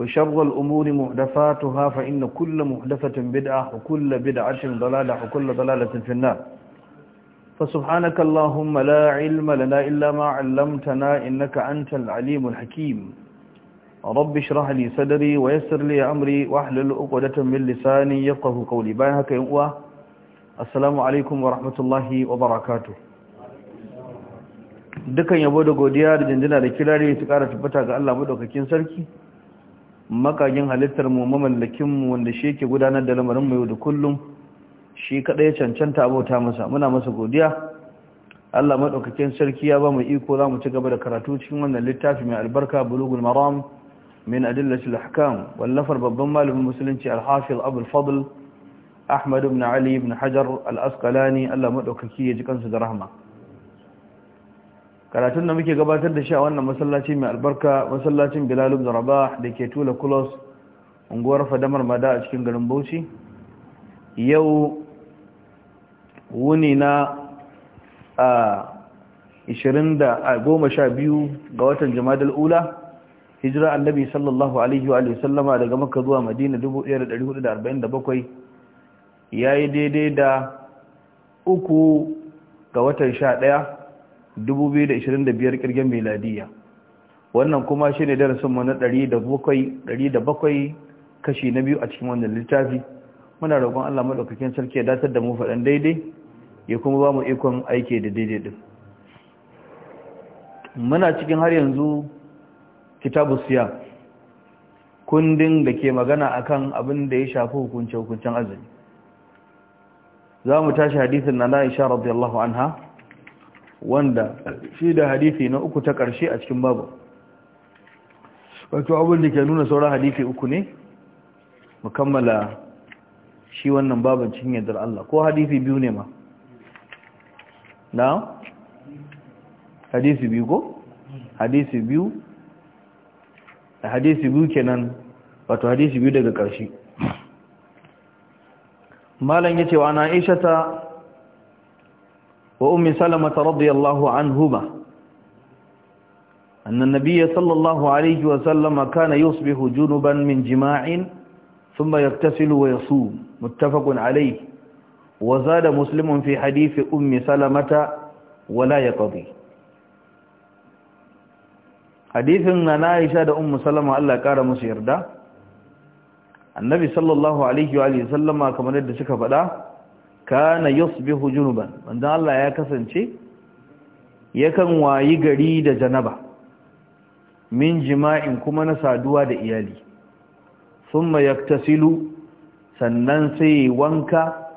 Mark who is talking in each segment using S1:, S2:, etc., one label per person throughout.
S1: وشر الأمور محدثاتها فإن كل محدثة بدعة وكل بدعة ضلالة وكل ضلالة في النار فسبحانك اللهم لا علم لنا إلا ما علمتنا إنك أنت العليم الحكيم رب اشرح لي صدري ويسر لي أمري واحلل عقدة من لساني يفقه قولي بايهك يا السلام عليكم ورحمة الله وبركاته dukan yabo da godiya da jinjina da kirari su kara tabbata ga Allah madaukakin sarki makagin halittar mu mamallakin mu wanda shi yake gudanar da lamarin mu yau da kullum shi kadai cancanta abota masa muna masa godiya Allah madaukakin sarki ya ba mu iko za mu ci gaba da karatu cikin wannan littafi mai albarka bulugul maram min adillatil ahkam wallafar babban malamin musulunci al-hafiz abul fadl ahmad ibn ali ibn hajar al-asqalani Allah madaukaki ya ji kansu da rahma karatun da muke gabatar da shi a wannan masallaci mai albarka masallacin bilal ibn rabah da ke tula kulos unguwar fadamar mada a cikin garin bauchi yau wuni na a 20 ga watan jamadal ula hijira annabi sallallahu alaihi wa sallama daga makka zuwa madina 1447 yayi daidai da uku ga watan sha 2025 kirgin meladiya wannan kuma shi ne darasinmu na 107 kashi na biyu a cikin wannan littafi muna roƙon Allah maɗaukakin sarki ya datar da mu faɗan daidai ya kuma ba mu ikon aiki da daidai ɗin muna cikin har yanzu kitabu siya kundin da ke magana a kan abin da ya shafi hukunce-hukuncen azumi za mu tashi hadisin na na isha radiyallahu anha wanda shi da hadisi na uku ta ƙarshe a cikin babu wato abin da ke nuna sauran hadisi uku ne mu kammala shi wannan babin cikin yadda Allah ko hadisi biyu ne ma na hadisi biyu ko hadisi biyu da hadisi biyu kenan wato hadisi biyu daga ƙarshe malam yace wa ana aisha ta وأم سلمة رضي الله عنهما أن النبي صلى الله عليه وسلم كان يصبح جنبا من جماع ثم يغتسل ويصوم متفق عليه وزاد مسلم في حديث أم سلمة ولا يقضي حديث أن عائشة أم سلمة الله كار مسير ده النبي صلى الله عليه وآله وسلم كما ندسك فلاه kana yusbihu junuban manzo Allah ya kasance yakan wayi gari da janaba min jima'in kuma na saduwa da iyali thumma yaktasilu sannan sai wanka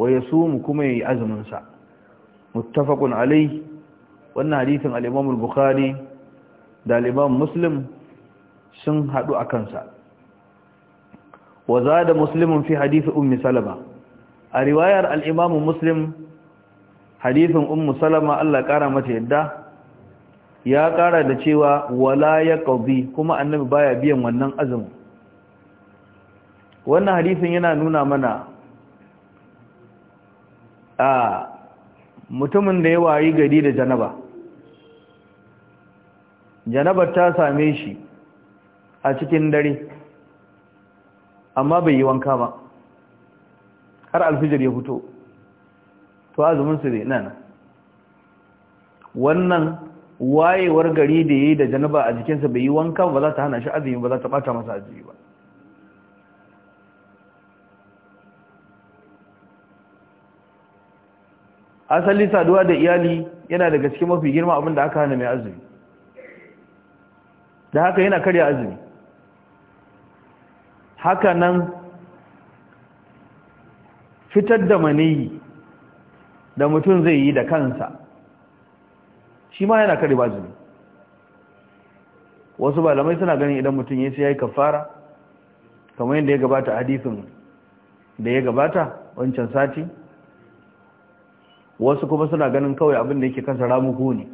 S1: wa yasum kuma yayi azumin sa muttafaqun alayhi wannan hadisin al-Imam al-Bukhari da al-Imam Muslim sun hadu akan sa wa zada muslimun fi hadisi ummi salama a riwayar al'imamu muslim hadithin ummu salama Allah ƙara mata yadda ya ƙara da cewa wala ya ƙaubi kuma annabi baya biyan wannan azumin wannan hadithin yana nuna mana a mutumin da ya wayi gari da janaba janabar ta same shi a cikin dare amma bai yi wanka ba har alfijir ya fito to azumin su ne nan wannan wayewar gari da yayi da janaba a jikinsa bai yi wanka ba za ta hana shi azumi ba za ta bata masa azumi ba asali saduwa da iyali yana daga cikin mafi girma abin da aka hana mai azumi da haka yana karya azumi haka nan fitar da maniyi da mutum zai yi da kansa shi ma yana kare bazumi wasu malamai suna ganin idan mutum ya sai ya yi kafara kamar yadda ya gabata hadisin da ya gabata wancan sati wasu kuma suna ganin kawai abin da yake kansa ramuku ne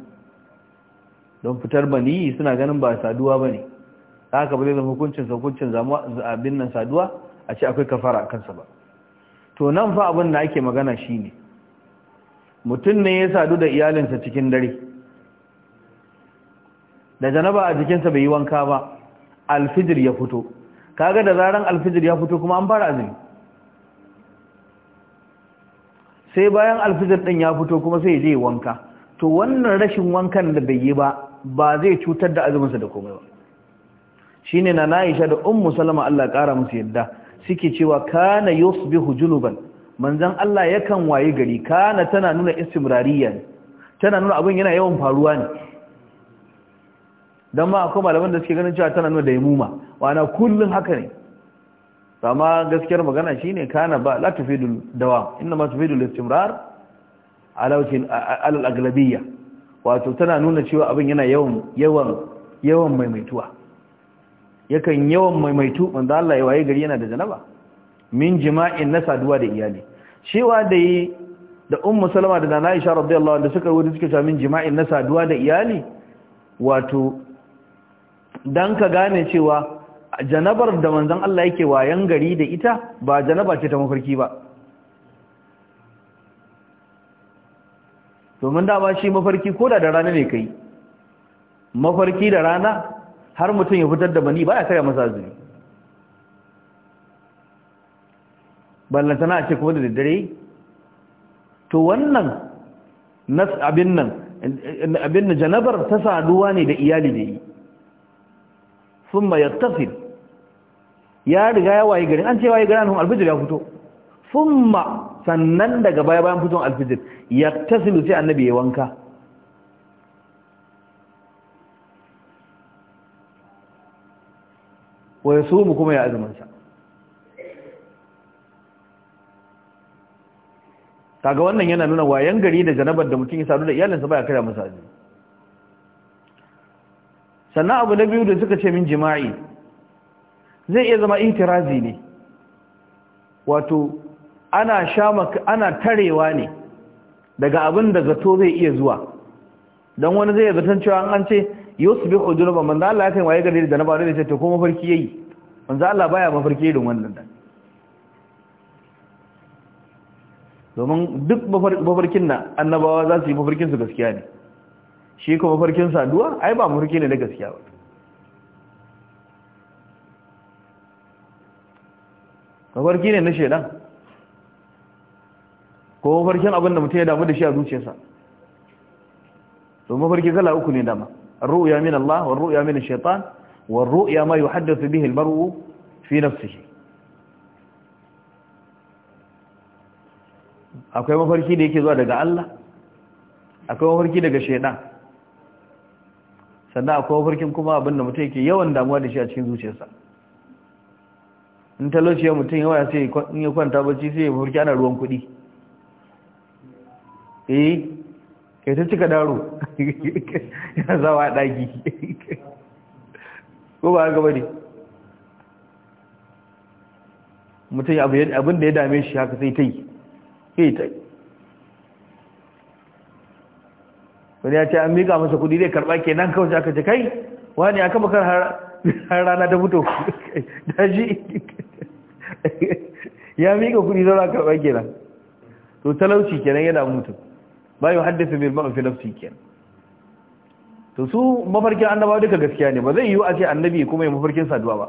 S1: don fitar maniyi suna ganin ba saduwa ba ne haka ba zai zama hukuncin zama abin nan saduwa a ce akwai kafara a kansa ba to nan fa abin da ake magana shine mutum ne ya sadu da iyalinsa cikin dare da janaba a jikinsa bai yi wanka ba alfijir ya fito kaga da zaran alfijir ya fito kuma an fara azumi sai bayan alfijir din ya fito kuma sai ya je wanka to wannan rashin wankan da bai yi ba ba zai cutar da azuminsa da komai ba shine na Aisha da Ummu Salama Allah ya kara musu yadda suke cewa kana yusbihu junuban manzon Allah yakan waye gari kana tana nuna istimrariyan tana nuna abin yana yawan faruwa ne dan ma akwai malaman da suke ganin cewa tana nuna daimuma wana kullun haka ne amma gaskiyar magana shine kana ba la tufidul dawam inma tufidul istimrar ala al aglabiyya wato tana nuna cewa abin yana yawan yawan yawan maimaituwa yakan yawan maimaitu manzo Allah ya waye gari yana da janaba min jima'in na saduwa da iyali cewa da yi da ummu salama da nana aisha radiyallahu anha suka wuri suka sha min jima'in na saduwa da iyali wato dan ka gane cewa janabar da manzon Allah yake wayan gari da ita ba janaba ce ta mafarki ba domin da ba shi mafarki koda da rana ne kai mafarki da rana har mutum ya fitar da mani baya karya masa azumi ballantana a ce kuma da daddare to wannan nas abin nan abin na janabar ta saduwa ne da iyali da yi thumma yattasil ya riga ya waye garin an ce waye garin alfijir ya fito thumma sannan daga baya bayan fito alfijir yattasilu sai annabi ya wanka ko ya mu kuma ya sa. kaga wannan yana nuna wayan gari da janabar da mutum ya sadu da iyalinsa baya kira masa azumi sannan abu na biyu da suka ce min jima'i zai iya zama itirazi ne wato ana ana tarewa ne daga abin da zato zai iya zuwa don wani zai zaton cewa an ce yusbihu dunuban manzo Allah ya kai waye gari da janaba ne ce to ko mafarki yayi manzo Allah baya mafarki da wannan da domin duk mafarkin na annabawa za su yi mafarkin su gaskiya ne shi kuma mafarkin saduwa ai ba mafarki ne na gaskiya ba mafarki ne na shedan ko mafarkin abin da mutum ya damu da shi a zuciyarsa to mafarki kala uku ne dama الرؤيا من الله والرؤيا من الشيطان والرؤيا ما يحدث به المرء في نفسه akwai mafarki da yake zuwa daga Allah akwai mafarki daga shaidan sannan akwai mafarkin kuma abinda mutum yake yawan damuwa da shi a cikin zuciyarsa in ya mutum yawa sai in ya kwanta bacci sai ya mafarki ana ruwan kuɗi eh kai ta cika daro ya zawa ɗagi ko ba haka bane mutum abin da ya dame shi haka sai ta yi sai ta yi wani ya ce an miƙa masa kuɗi zai karɓa ke nan kawai aka ce kai wani aka makar har rana ta fito daji ya miƙa kuɗi zaura karɓa ke nan to talauci kenan yana mutum ba yi haddasa mai ma'a fi nafsi ke to su mafarkin annabawa duka gaskiya ne ba zai yiwu a ce annabi kuma yi mafarkin saduwa ba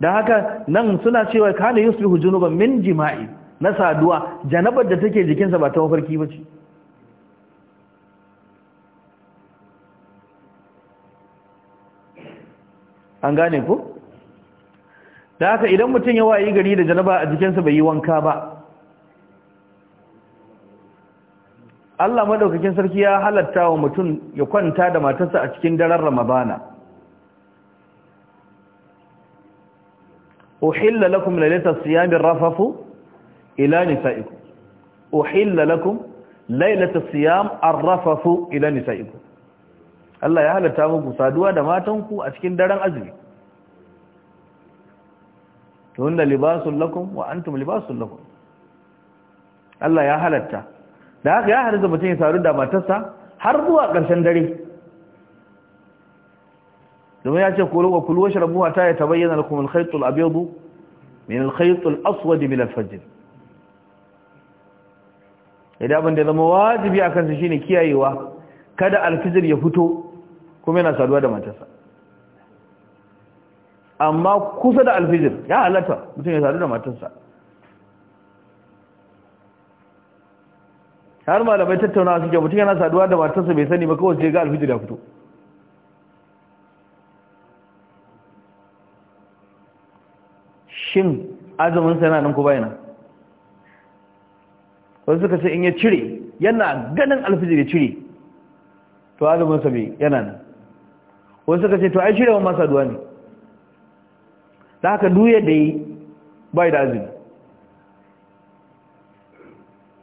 S1: da haka nan suna cewa kana Yusuf junuban min jima'i na saduwa janabar da take jikinsa ba ta mafarki ba ce an gane ku? da haka idan mutum ya yi gari da janaba a jikinsa bai yi wanka ba Allah maɗaukakin sarki ya halatta wa mutum ya kwanta da matarsa a cikin daren Ramadana uhilla lakum laylatas siyami rafafu ila nisaikum uhilla lakum laylatas siyam rafafu ila nisaikum Allah ya halatta muku saduwa da matanku a cikin daren azumi tunna libasul lakum wa antum libasul lakum Allah ya halatta da haka ya halitta mutum ya saru da matarsa har zuwa ƙarshen dare domin ya ce kulu wa kulu ta rabuwa ta bayyana da kuma alkhaitul abebu min alkhaitul aswadi min alfajir idan abin da zama wajibi a kansa shine kiyayewa kada alfijir ya fito kuma yana saduwa da matarsa amma kusa da alfijir ya halatta mutum ya sadu da matarsa har malamai tattaunawa suke mutum yana saduwa da matarsa bai sani ba kawai sai ga alfijir ya fito shin azumin sa yana nan ko bayana wasu suka ce in ya cire yana ganin alfijir ya cire to azumin sa bai yana nan wasu suka ce to ai cirewa ma saduwa ne da haka duye da yi bai da azumi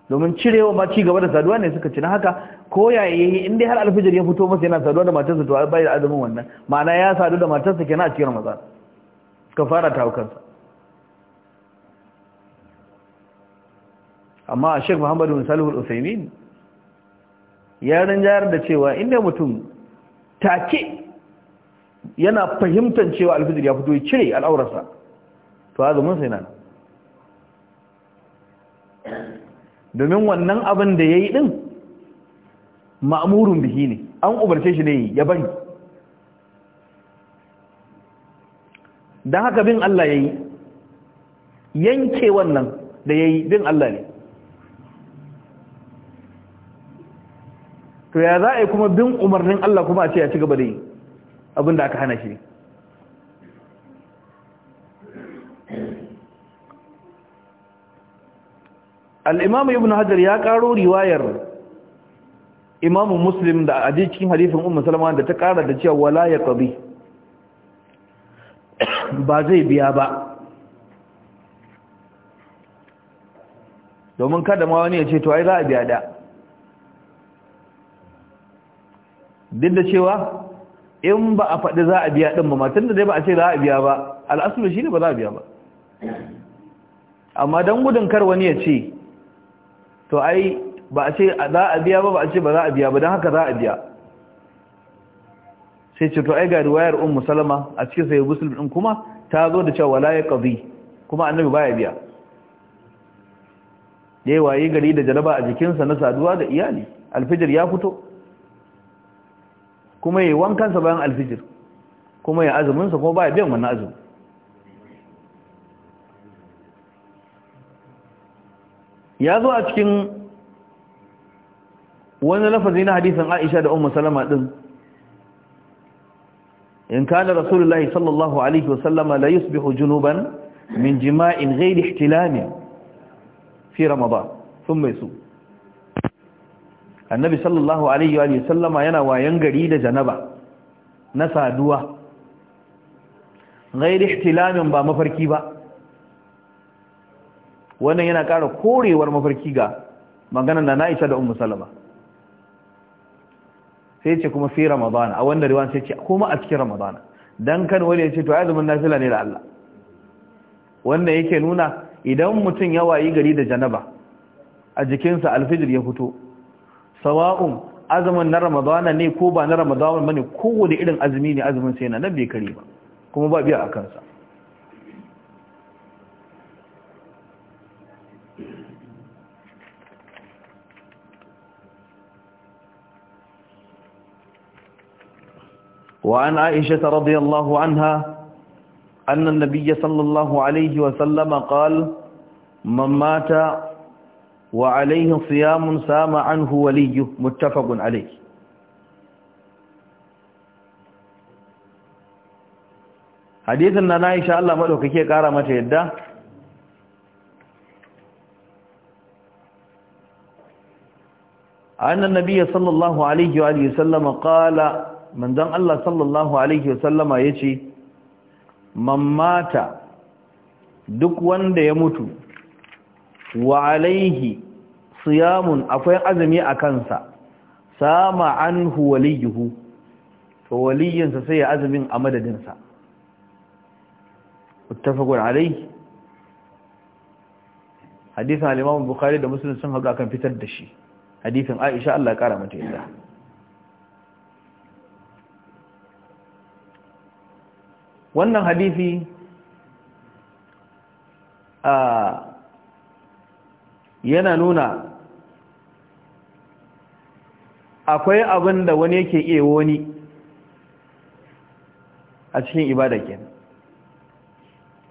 S1: domin cirewa ma ci gaba da saduwa ne suka ci na haka ko ya in har alfijir ya fito masa yana saduwa da matarsa to ai bai da azumin wannan ma'ana ya sadu da matarsa kenan a cikin ramadan ka fara ta kansa amma Sheikh Muhammad bin Salih al-Uthaymeen ya rinjayar da cewa inda mutum take yana fahimtar cewa alfijir ya fito ya cire al'aurarsa to azumin sai yana domin wannan abin da ya yi ɗin ma'amurin bihi ne an umarce shi ne ya bari don haka bin Allah ya yi yanke wannan da ya yi bin Allah ne to ya za yi kuma bin umarnin Allah kuma a ce ya ci gaba da yi abin da aka hana shi al ibn hajar ya karo riwayar imamu muslim da a cikin hadifin Umar salama da ta kara da cewa wala ya qabi ba zai biya ba domin kada ma wani ya ce to ai za a biya da duk da cewa in ba a faɗi za a biya ɗin ba matan da dai ba a ce za a biya ba al'asulu shi ne ba za a biya ba amma don gudun kar wani ya ce to ai ba a ce za a biya ba ba a ce ba za a biya ba don haka za a biya sai ce to ai ga riwayar un musulma a cikin sai musulmi din kuma ta zo da cewa la ya qadi kuma annabi baya biya dai waye gari da jaraba a jikinsa na saduwa da iyali alfijir ya fito kuma yayi wankansa bayan alfijir kuma ya azumin sa kuma baya biyan wannan azumi ya zo a cikin wani lafazi na hadisin Aisha da Ummu Salama ɗin? in kana rasulullahi sallallahu alaihi wasallama la yusbihu junuban min jima'in ghayri ihtilam fi ramadan mai yasu annabi sallallahu alaihi wa sallama yana wayan gari da janaba na saduwa ghayri ihtilamin ba mafarki ba wannan yana ƙara korewar mafarki ga maganar na Aisha da umu Salama sai ce kuma fi Ramadana a wanda riwan sai ce kuma a cikin Ramadana dan kan wani ya ce to azumin nafila ne da Allah wanda yake nuna idan mutum ya wayi gari da janaba a jikinsa alfijir ya fito sawa'un azumin na Ramadana ne ko ba na Ramadana ne kowane irin azumi ne azumin sai na nan bai kare ba kuma ba biya a kansa وعن عائشة رضي الله عنها أن النبي صلى الله عليه وسلم قال من مات وعليه صيام سام عنه وليه متفق عليه حديث أننا إن شاء الله ملوك كي ما يدى أن النبي صلى الله عليه وسلم قال manzon Allah sallallahu alaihi wasallama yace man mata duk wanda ya mutu wa alaihi siyamun akwai azumi a kansa sama anhu waliyuhu to waliyinsa sai ya azumin a madadinsa muttafaqun alaihi hadisin al-Imam Bukhari da Muslim sun haga kan fitar da shi hadithin Aisha Allah ya kara mata yadda wannan hadisi yana nuna akwai abin da wani yake iya wani a cikin ibada ke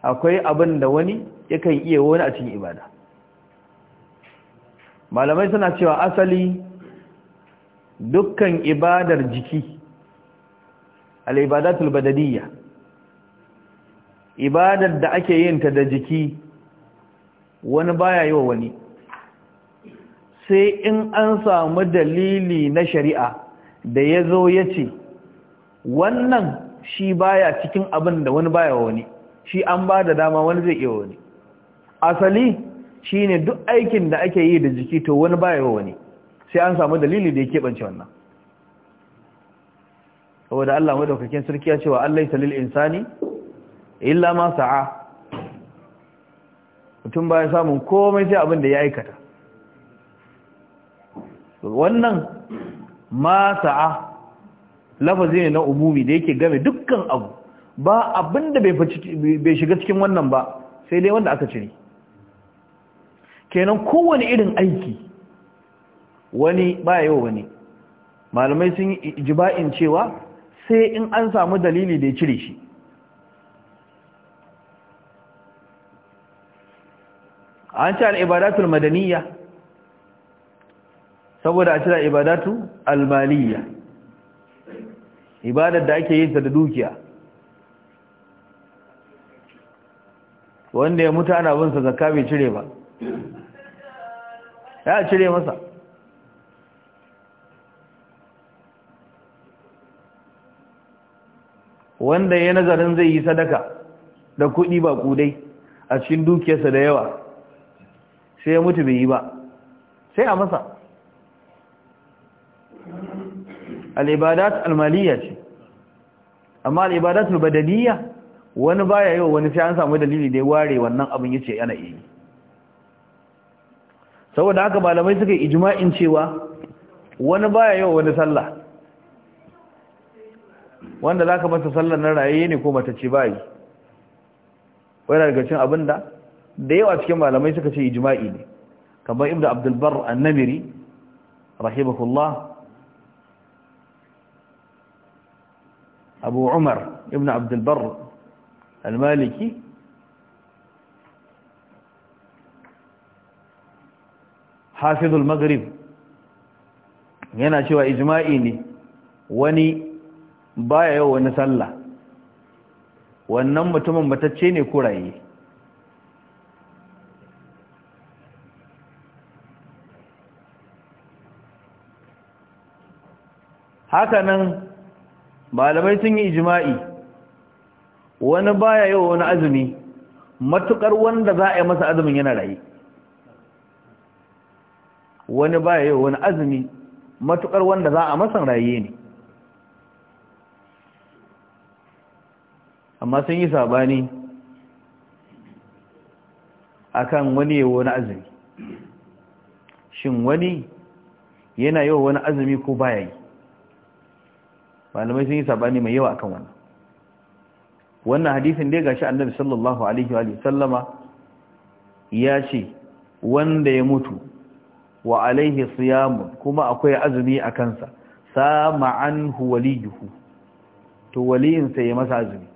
S1: akwai abin da wani yakan iya wani a cikin ibada malamai suna cewa asali dukkan ibadar jiki al-ibadatul badadiyya ibadar da ake yin ta da jiki wani baya yi wa wani sai in an samu dalili na shari'a da ya zo ya ce wannan shi baya cikin abin da wani baya wa wani shi an ba da dama wani zai iya wani asali shi ne duk aikin da ake yi da jiki to wani baya wa wani sai an samu dalili da ya keɓance wannan saboda Allah madaukakin sarki ya ce wa Allah salil insani illa ma sa'a mutum baya samun komai sai abin da ya aikata wannan ma sa'a lafazi ne na umumi da yake game dukkan abu ba abin da bai shiga cikin wannan ba sai dai wanda aka cire kenan kowane irin aiki wani ba yau wani malamai sun yi ijiba'in cewa sai in an samu dalili da ya cire shi an ce al-ibadatul madaniyya saboda a cira ibadatu al-maliyya ibadar da ake yin ta da dukiya wanda ya mutu ana bin sa zakka bai cire ba ya cire masa wanda ya nazarin zai yi sadaka da kuɗi ba kudai a cikin dukiyarsa da yawa sai ya mutu bai yi ba sai a masa al'ibadat almaliya ce amma al'ibadat albadaliya wani baya yau wani sai an samu dalili da ya ware wannan abin yace yana yi saboda haka malamai suka yi ijima'in cewa wani baya yau wani sallah wanda za ka masa sallar na raye ne ko mata ce bayi wani daga cin abinda da yawa cikin malamai suka ce ijma'i ne kamar Ibn abdul barr an-namiri rahimahullah abu umar Ibn abdul barr al-maliki hafizul maghrib yana cewa ijma'i ne wani baya yau wani sallah wannan mutumin matacce ne ko kuraye hakanan malamai sun yi ijima'i wani baya yau wani azumi matukar wanda za a yi masa azumin yana raye wani baya yau wani azumi matukar wanda za a masa raye ne amma sun yi sabani akan wani yau wani azumi shin wani yana yau wani azumi ko baya yi malamai sun yi sabani mai yawa akan wannan wannan hadisin dai gashi annabi sallallahu alaihi wa sallama ya ce wanda ya mutu wa alaihi siyamun kuma akwai azumi a kansa sama anhu waliyuhu to waliyinsa ya masa azumi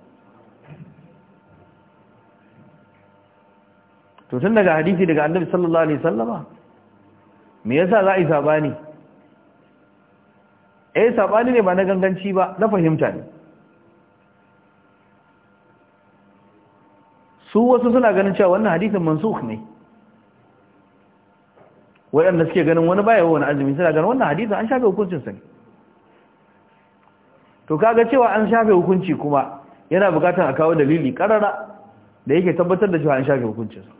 S1: to tun daga hadisi daga annabi sallallahu alaihi sallama me yasa za a yi sabani eh sabani ne ba na ganganci ba na fahimta ne su wasu suna ganin cewa wannan hadisin mansukh ne waɗanda suke ganin wani baya wani azumi suna ganin wannan hadisin an shafe hukuncin sa ne to kaga cewa an shafe hukunci kuma yana bukatar a kawo dalili karara da yake tabbatar da cewa an shafe hukuncin sa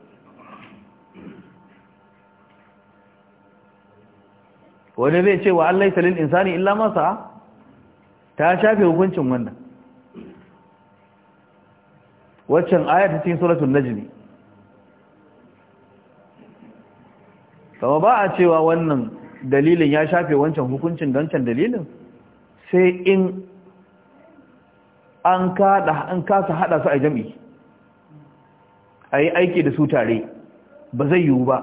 S1: wani zai ce wa Allah ya insani illa masa ta shafe hukuncin wannan waccan ayata cikin suratul najmi kama ba a cewa wannan dalilin ya shafe wancan hukuncin dancan dalilin sai in an kada an kasa hada su a jami'i ayi aiki da su tare ba zai yiwu ba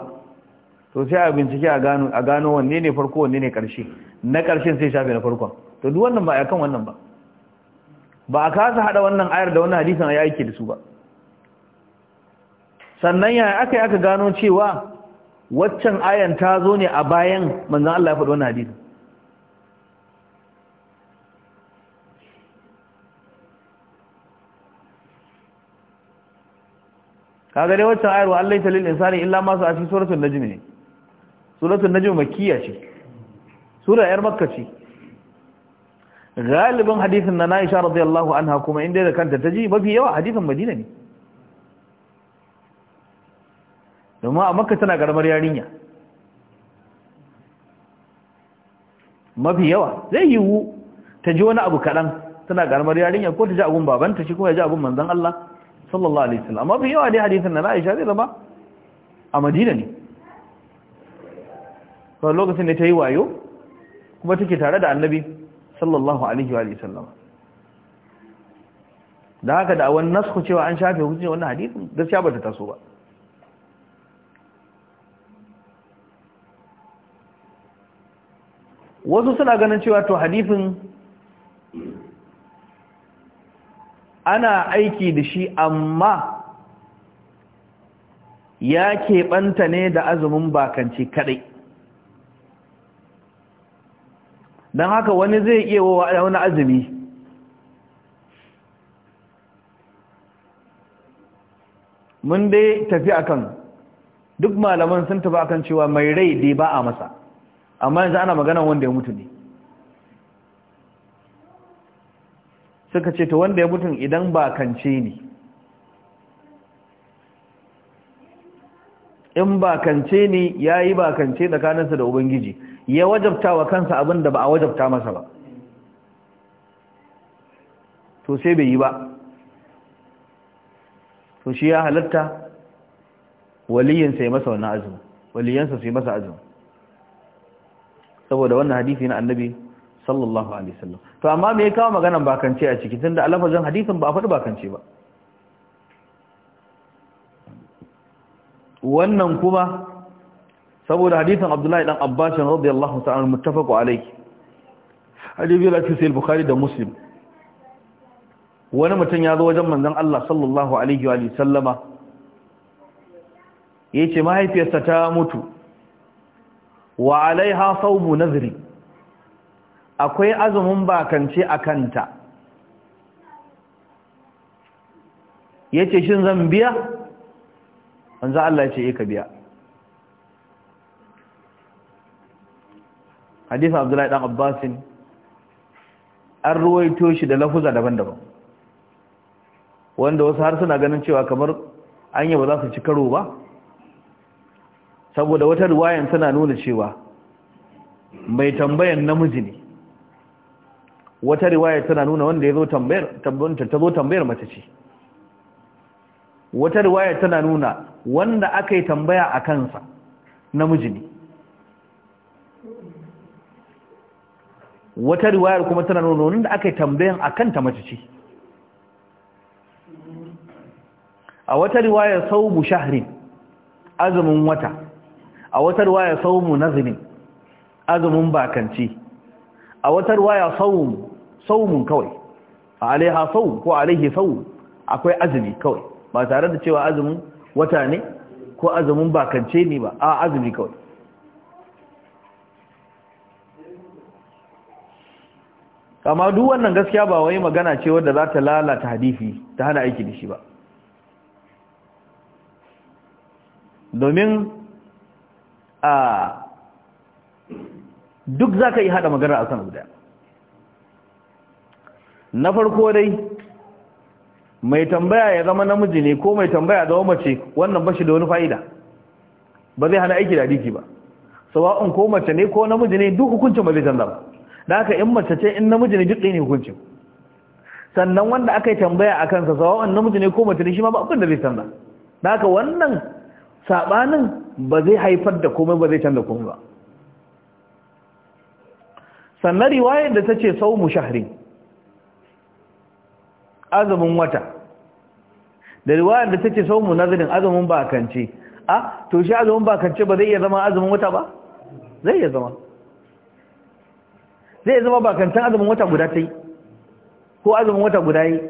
S1: to sai a bincike a gano a gano wanne ne farko wanne ne karshe na karshen sai shafe na farkon to duk wannan ba a kan wannan ba ba a kasa hada wannan ayar da wannan hadisin ya yake da su ba sannan ya aka yi aka gano cewa waccan ayan ta zo ne a bayan manzon Allah ya faɗi wannan hadisin kaga dai waccan ayar wa Allah ta lil insani illa ma a cikin suratul najm ne suratun najm makkiya ce sura yar makka ce galibin hadisin na Aisha radiyallahu anha kuma inda da kanta taji mafi yawa hadisin Madina ne domin a makka tana karamar yarinya mafi yawa zai yiwu ta ji wani abu kaɗan tana karamar yarinya ko ta ji abun babanta shi kuma ya ji abun manzan Allah sallallahu alaihi wasallam mafi yawa dai hadisin na Aisha zai zama a Madina ne to lokacin da ta yi wayo kuma take tare da annabi sallallahu alaihi wa sallam da haka da awon nasku cewa an shafe hukuncin wannan hadisin gaskiya ba ta taso ba wasu suna ganin cewa to hadisin ana aiki da shi amma ya keɓanta ne da azumin bakanci kaɗai don haka wani zai iya wa wani azumi mun dai tafi akan duk malaman sun tafi akan cewa mai rai dai ba a masa amma yanzu ana magana wanda ya mutu ne suka ce ta wanda ya mutu idan ba kance ne in bakance ne ya yi bakance tsakaninsa da ubangiji ya wajabta wa kansa abin da ba a wajabta masa ba to sai bai yi ba to shi ya halatta waliyinsa ya masa wannan azumi waliyansa su yi masa azumi saboda wannan hadisi na annabi sallallahu alaihi wasallam to amma me ya kawo maganan bakance a ciki tunda alafazin hadisin ba a faɗi bakance ba wannan kuma saboda hadisin abdullahi dan abbas radiyallahu ta'ala muttafaqu alayhi hadisi ya fi sahih bukhari da muslim wani mutum ya zo wajen manzon Allah sallallahu alaihi wa sallama yace mahaifiyarsa ta mutu wa alaiha sawmu nazri akwai azumin bakance a kanta yace shin zan biya za Allah ya ce eh, ka biya hadisin Abdullahi ɗan Abbasin an ruwaito shi da lafuza daban-daban wanda wasu har suna ganin cewa kamar anya ba za su ci karo ba saboda wata ruwayan tana nuna cewa mai tambayan namiji ne wata riwaya tana nuna wanda ya zo tambayar ta zo tambayar mace ce wata riwaya tana nuna wanda aka yi tambaya a kansa namiji ne wata riwayar kuma tana nuna wanda aka yi tambayan a kanta mace ce a wata riwayar saumu shahrin azumin wata a wata riwayar saumu nazirin azumin bakanci a wata riwaya sau saumun kawai a alaiha sau ko alaihi sau akwai azumi kawai ba tare da cewa azumin wata ne ko azumin bakance ne ba a azumi kawai amma duk wannan gaskiya ba wai magana ce wadda za ta lalata hadisi ta hana aiki da shi ba domin a duk za ka yi haɗa magana a sanar guda na farko dai mai tambaya ya zama namiji ne ko mai tambaya zama mace wannan bashi da wani fa'ida ba zai hana aiki da hadisi ba sawa'un ko mace ne ko namiji ne duk hukuncin ba zai canza ba da haka in mace ce in namiji ne duk ne hukuncin sannan wanda aka yi tambaya a kansa sawa'un namiji ne ko mace ne shi ma ba abin da zai canza da haka wannan saɓanin ba zai haifar da komai ba zai canza komai ba sannan riwayar da ta ce sau mu shahri azumin wata da riwayar da take mu nazarin azumin bakance a to shi azumin bakance ba zai iya zama azumin wata ba zai iya zama zai iya zama bakantan azumin wata guda ta yi ko azumin wata guda yi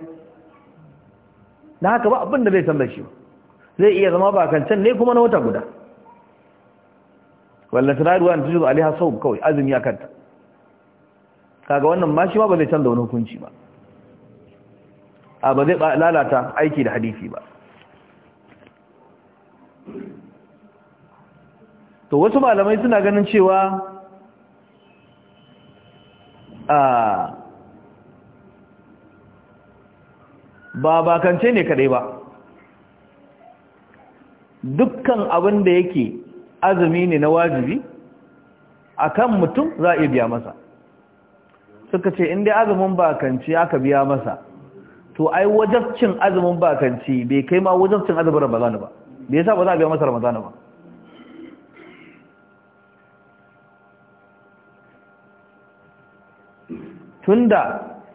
S1: na haka ba abin da zai da shi zai iya zama bakantan ne kuma na wata guda wallan tana ruwa da tujuzu alaiha sau kawai azumi a kanta kaga wannan ma shi ma ba zai canza wani hukunci ba a ba zai lalata aiki da hadisi ba to wasu malamai suna ganin cewa a ba bakance ne kadai ba dukkan abin da yake azumi ne na wajibi a kan mutum za a iya biya masa suka ce dai azumin bakance aka biya masa to ai wajabcin azumin bakanci bai kai ma wajabcin azumin ramadan ba me yasa ba za a biya masa ramadan ba tunda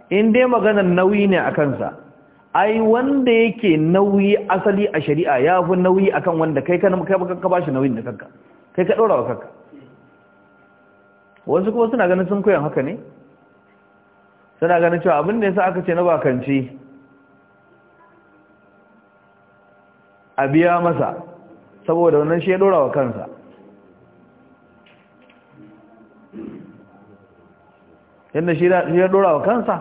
S1: in dai maganar nauyi ne a kansa ai wanda yake nauyi asali a shari'a ya fi nauyi akan wanda kai ka ka bashi nauyin da kanka kai ka ɗora wa kanka wasu kuma suna ganin sun koyan haka ne suna ganin cewa abin da sa aka ce na bakanci a biya masa saboda wannan shi ya dora wa kansa yadda shi ya dora wa kansa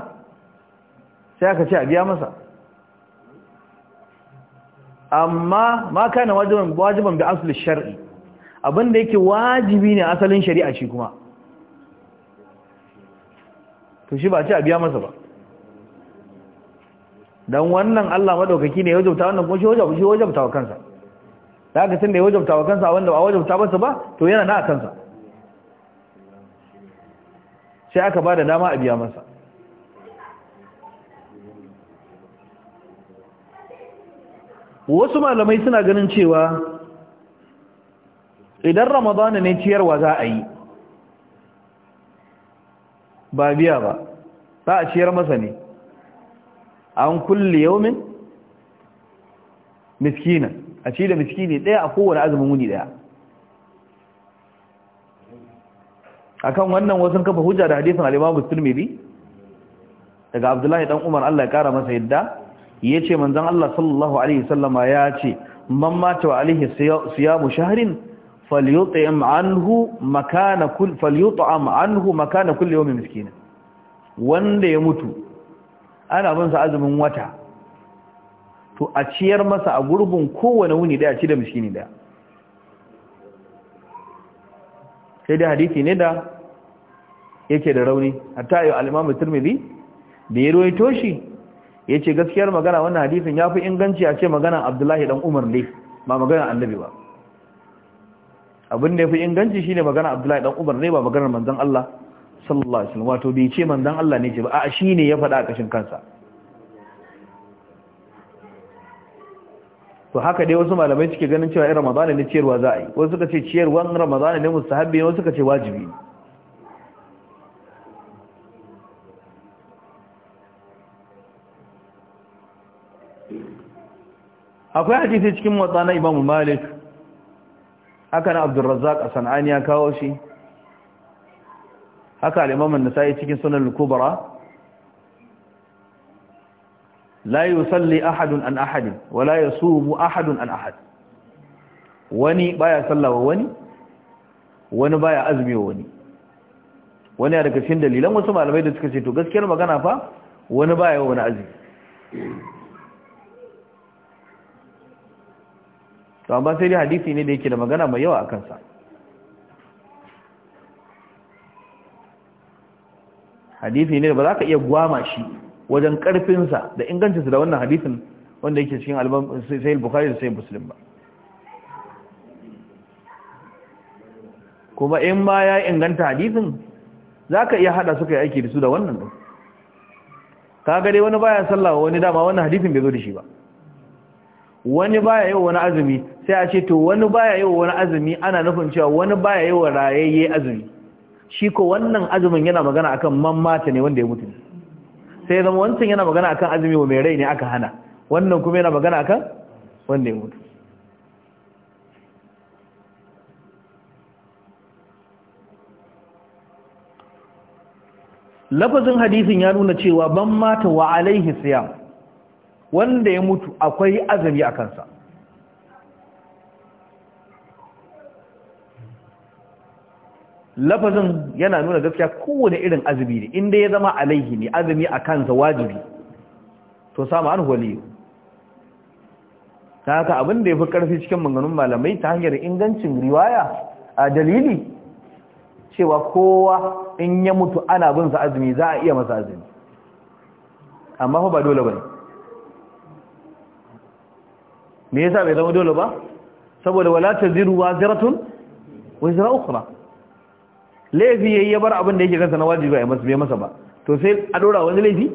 S1: sai aka ce a biya masa amma ma kana wajiban bi asulun shari'i abinda yake wajibi ne asalin shari'a shi kuma to shi ba ce a biya masa ba dan wannan Allah madaukaki ne ya wajabta wannan kuma shi wajabta shi wajabta wa kansa da haka tunda ya wajabta wa kansa wanda ba wajabta ba su ba to yana na kansa sai aka ba da dama a biya masa wasu malamai suna ganin cewa idan ramadana ne ciyarwa za a yi ba biya ba za a ciyar masa ne an kulli yawmin miskina a ci da miskini daya a kowane azumin wuni daya akan wannan wasu kafa hujja da hadisin al-Imam Tirmidhi daga Abdullahi dan Umar Allah ya kara masa yadda yace manzon Allah sallallahu alaihi wasallama yace man mata wa alaihi siyamu shahrin falyut'am anhu makana kull falyut'am anhu makana kulli yawmin miskina wanda ya mutu ana bin sa azumin wata to a ciyar masa a gurbin kowane wuni daya ci da miskini daya sai dai hadisi ne da yake da rauni hatta yau al-Imam Tirmidhi da ya ruwaito shi yace gaskiyar magana wannan hadisin yafi inganci a ce magana Abdullahi dan Umar ne ba magana Annabi ba abin da yafi inganci shine magana Abdullahi dan Umar ne ba maganar manzon Allah sallallahu alaihi wato bai ce manzon Allah ne ce ba a shi ne ya faɗa a kashin kansa to haka dai wasu malamai suke ganin cewa in ramadana ne ciyarwa za a yi wasu suka ce ciyarwan ramadana ne mustahabbi ne wasu suka ce wajibi ne akwai hadisi cikin watsa na imam malik haka na abdurrazzaq as-sanani ya kawo shi haka al-imam an-nasa'i cikin sunan al-kubra la yusalli ahadun an ahadin wa la yasumu ahadun an ahad wani baya sallawa wani wani baya azumi wa wani wani daga cikin dalilan wasu malamai da suka ce to gaskiyar magana fa wani baya wa wani azumi to amma sai dai hadisi ne da yake da magana mai yawa a kansa. hadisi ne ba za ka iya gwama shi wajen karfinsa da ingancinsa da wannan hadisin wanda yake cikin sai bukhari da sai muslim ba kuma in ma ya inganta hadisin za ka iya hada suka yi aiki da su da wannan ɗin ka gare wani baya sallawa wani dama wannan hadisin bai zo da shi ba wani baya yau wani azumi sai a ce to wani baya yau wani azumi ana nufin cewa wani baya yau rayayye azumi shi ko wannan azumin yana magana akan man mata ne wanda ya mutu sai zama wancan yana magana akan azumi wa mai rai ne aka hana wannan kuma yana magana akan wanda ya mutu lafazin hadisin ya nuna cewa ban mata wa alaihi siyam wanda ya mutu akwai azumi a kansa lafazin yana nuna gaskiya kowane irin azumi ne inda ya zama alaihi ne azumi a kansa wajibi to samu an waliyu ta haka abin ya fi ƙarfi cikin manganun malamai ta hanyar ingancin riwaya a dalili cewa kowa in ya mutu ana bin azumi za a iya masa azumi amma fa ba dole ba ne me yasa bai zama dole ba saboda wala taziru waziratun wazira ukhra laifi yayi ya bar abin da yake kansa na wajibi ya masa bai masa ba to sai a dora wani laifi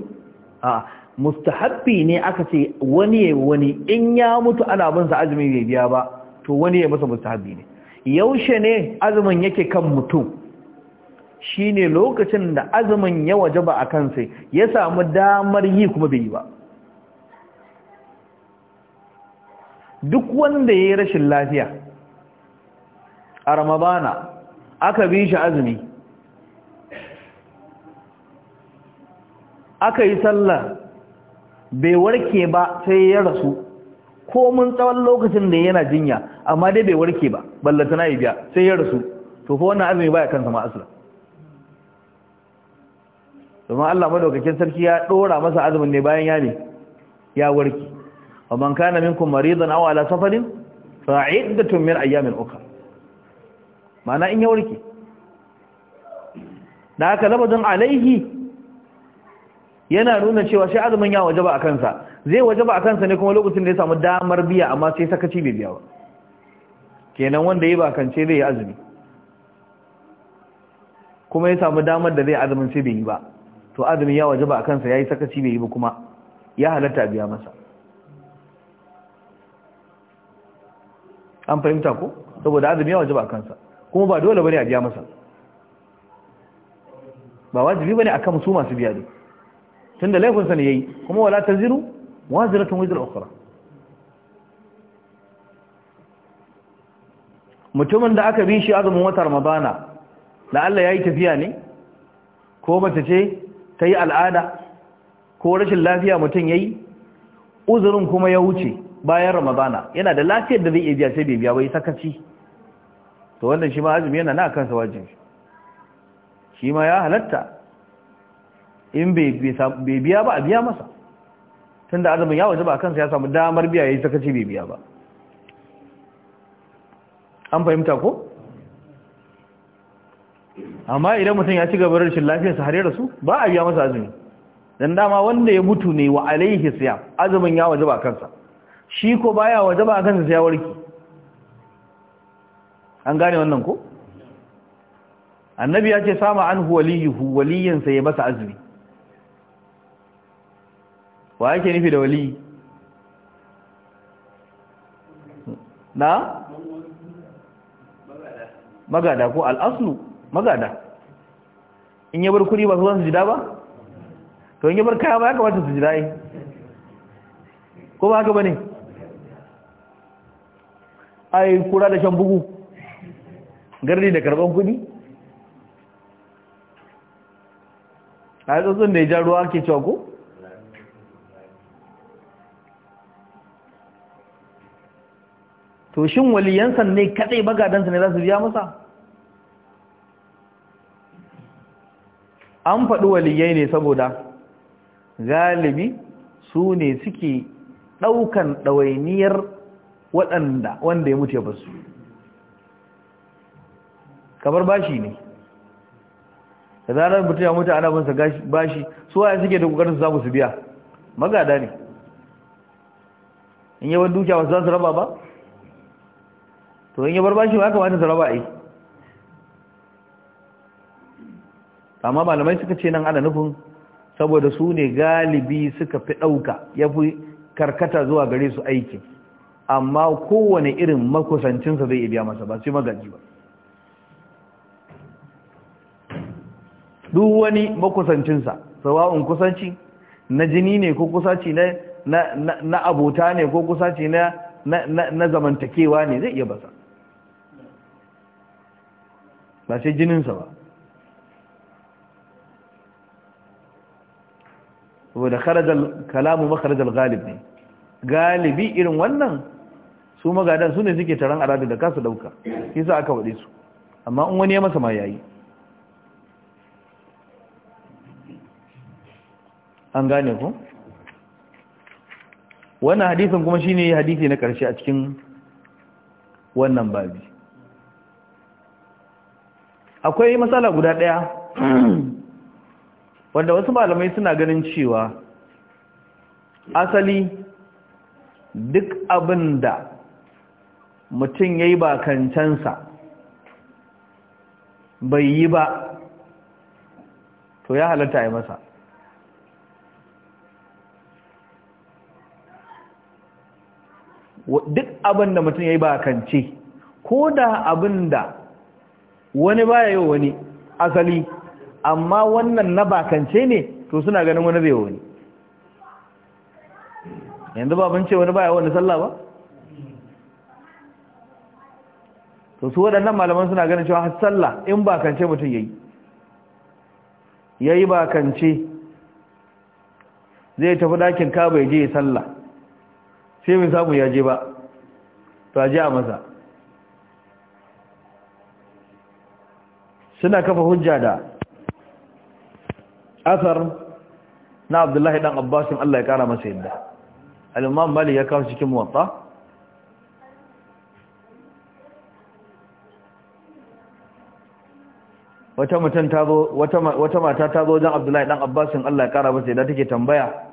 S1: a mustahabbi ne aka ce wani ya wani in ya mutu ana bin sa azumi bai biya ba to wani ya masa mustahabbi ne yaushe ne azumin yake kan mutum shine lokacin da azumin ya waje ba a kan sai ya samu damar yi kuma bai yi ba duk wanda ya yi rashin lafiya a ramadana aka bi shi azumi aka yi sallah bai warke ba sai ya rasu ko mun tsawon lokacin da yana jinya amma dai bai warke ba ballata na biya sai ya rasu to fa wannan azumi baya kansa ma aslan domin Allah madaukakin sarki ya dora masa azumin ne bayan ya ne ya warke wa man kana minkum maridan aw ala safarin fa min ayyamin ukhra mana in ya warke da haka labadin alaihi yana nuna cewa shi azumin ya wajaba a kansa zai wajaba a kansa ne kuma lokacin da ya samu damar biya amma sai sakaci bai biya ba kenan wanda ya ba kance zai yi azumi kuma ya samu damar da zai azumin sai bai yi ba to azumin ya wajaba a kansa yayi sakaci bai yi ba kuma ya halatta biya masa an fahimta ko saboda azumi ya wajaba a kansa kuma ba dole bane a biya masa ba wajibi bane akan su masu biya din tunda laifin sa ne yayi kuma wala taziru waziratun wizra ukhra mutumin da aka bi shi azumin wata ramadana da Allah yayi tafiya ne ko mace ce tayi al'ada ko rashin lafiya mutum yayi uzurin kuma ya wuce bayan ramadana yana da lafiyar da zai iya biya sai bai biya bai sakaci to wannan shi ma azumi yana na kansa wajibi shi ma ya halatta in bai biya ba a biya masa tun da azumin ya waje ba kansa ya samu damar biya ya yi sakaci bai biya ba an fahimta ko? amma idan mutum ya ci gaba rashin lafiyarsa har ya rasu ba a biya masa azumi dan dama wanda ya mutu ne wa alaihi siyam azumin ya waje ba kansa shi ko baya waje ba kansa sai ya warki an gane wannan ko annabi ya ce sama an waliyuhu waliyinsa ya masa azumi wa yake nufi da wali na magada ko al'aslu magada in bar kuri ba su zan jida ba to in bar kaya ba ya kamata su jida yi ko ba haka ba ne ai kura da shan bugu gardi da karban kudi a tsotsin da ya ja ruwa ke cewa ko to shin waliyansa ne kadai bagadansa ne za su biya masa an faɗi waliyai ne saboda galibi su ne suke ɗaukan ɗawainiyar waɗanda wanda ya mutu ya basu kamar bashi ne da zarar mutum ya mutu ana bansa bashi su waye suke da kokarin su samu su biya magada ne in yawan dukiya wasu za su raba ba to in yabar bashi ba kamata su raba yi amma malamai suka ce nan ana nufin saboda su ne galibi suka fi ɗauka ya fi karkata zuwa gare su aiki. amma kowane irin makusancinsa zai iya biya masa ba su yi magaji ba duk wani makusancinsa sawa'un kusanci na jini ne ko kusanci na na abota ne ko kusanci na na zamantakewa ne zai iya basa ba sai jininsa ba saboda kharajar kalamu makharajal galib ne galibi irin wannan su magadan su ne suke taron aradu da kasu dauka kisa aka waɗe su amma in wani ya masa ma yayi an gane ku wannan hadisin kuma shine hadisi na karshe a cikin wannan babi akwai matsala guda ɗaya wanda wasu malamai suna ganin cewa asali duk abin da mutum ya yi bakancansa bai yi ba to ya halatta ya masa duk abin da mutum ya yi bakance ko da abin da wani ya yi wani asali amma wannan na bakance ne to suna ganin wani zai wani yanzu ba ce wani ba ya wani sallah ba to su waɗannan malaman suna ganin cewa har sallah in bakance mutum yayi ba bakance zai tafi dakin kaba ya je ya sallah sai mai samu ya je ba to a a masa suna kafa hujja da asar na abdullahi dan abbasin Allah ya kara masa yadda al-imam mali ya kawo cikin muwatta wata mata ta zo wajen abdullahi dan abbasin Allah ya kara masa yadda take tambaya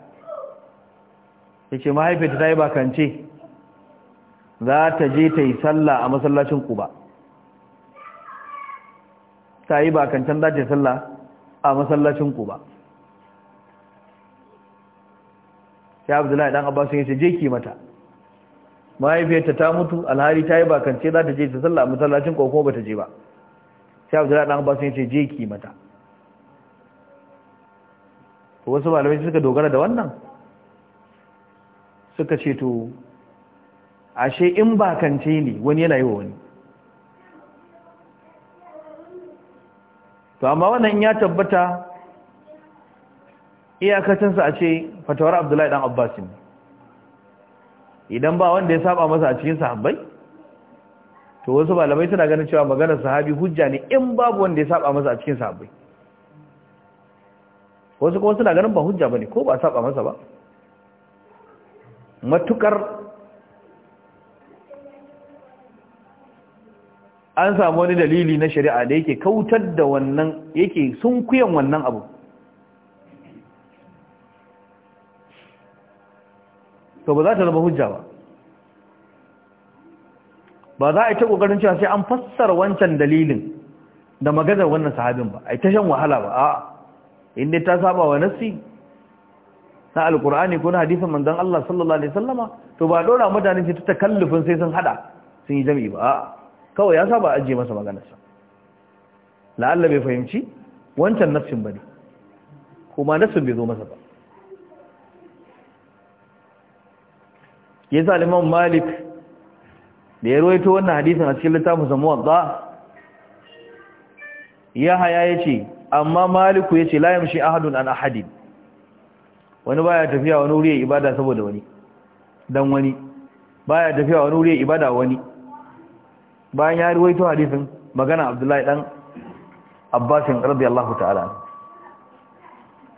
S1: yace mahaifiyarta ta yi bakance za ta je ta yi sallah a masallacin Quba ta yi bakancan za ta yi sallah a masallacin Quba sai Abdullahi dan Abbas yace je ki mata mahaifiyarta ta mutu alhari ta yi bakance za ta je ta sallah a masallacin Quba kuma ba ta je ba sai Abdullahi dan Abbas yace je ki mata wasu malamai suka dogara da wannan suka ce to ashe in ba kance ne wani yana yi wa wani to amma wannan ya tabbata iyakacinsa a ce fatawar abdullahi dan ne idan ba wanda ya saba masa a cikin sahabbai to wasu malamai suna ganin cewa maganar sahabi hujja ne in babu wanda ya saba masa a cikin sahabbai wasu kuma suna ganin ba hujja bane ko ba saba masa ba matukar an samu wani dalili na shari'a da yake kautar da wannan yake kuyan wannan abu to ba za ta zama hujja ba ba za a yi ta ƙoƙarin cewa sai an fassara wancan dalilin da maganar wannan sahabin ba a yi ta shan wahala ba a inda ta saba wa nasi na alkur'ani ko na hadisin manzon Allah sallallahu alaihi wasallama to ba dora mutane su ta kallufin sai sun hada sun yi jami'i ba kawai ya saba aje masa maganar sa Allah bai fahimci wancan nafsin bane kuma nafsin bai zo masa ba yasa Imam Malik da ya rawaito wannan hadisin a cikin littafin sa Muwatta ya haya yace amma Maliku yace la yamshi ahadun an ahadin wani baya tafiya wani wuri ya ibada saboda wani dan wani baya tafiya wani wuri ya ibada wani bayan ya ruwaito hadisin magana Abdullahi dan Abbas radiyallahu ta'ala